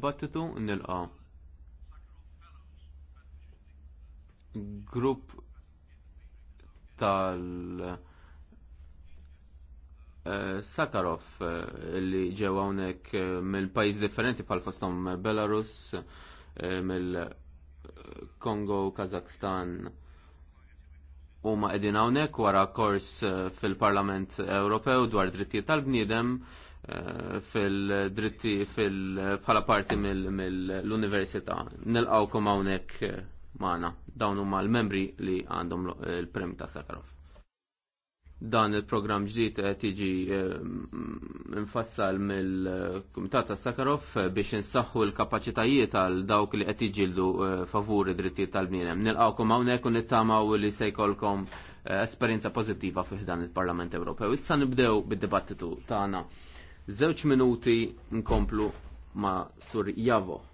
Dibattitu nilqa grupp tal eh, Sakarov eh, li ġew hawnhekk eh, mill pajis differenti bħal fostom Belarus, mill-Kongo, Kazakhstan, u ma edin hawnhekk wara kors eh, fil-Parlament Ewropew dwar drittijiet tal-bniedem eh, fil-dritti fil bħala parti mill-Università. Nil-għawkom għawnek eh, dawn huma l-membri li għandhom il-Prem ta' Sakarov dan il-programm ġdid tiġi infassal eh, mill-Kumitat ta' Sakarov eh, biex insaħħu l-kapaċitajiet għal dawk li qed jiġildu eh, favur id-drittijiet tal-bniedem. Nilqgħukom hawnhekk u nittamaw li se jkollkom esperjenza pożittiva fih dan il-Parlament Ewropew. Issa nibdew bid-dibattitu tagħna. Żewġ minuti nkomplu ma' Sur Javo.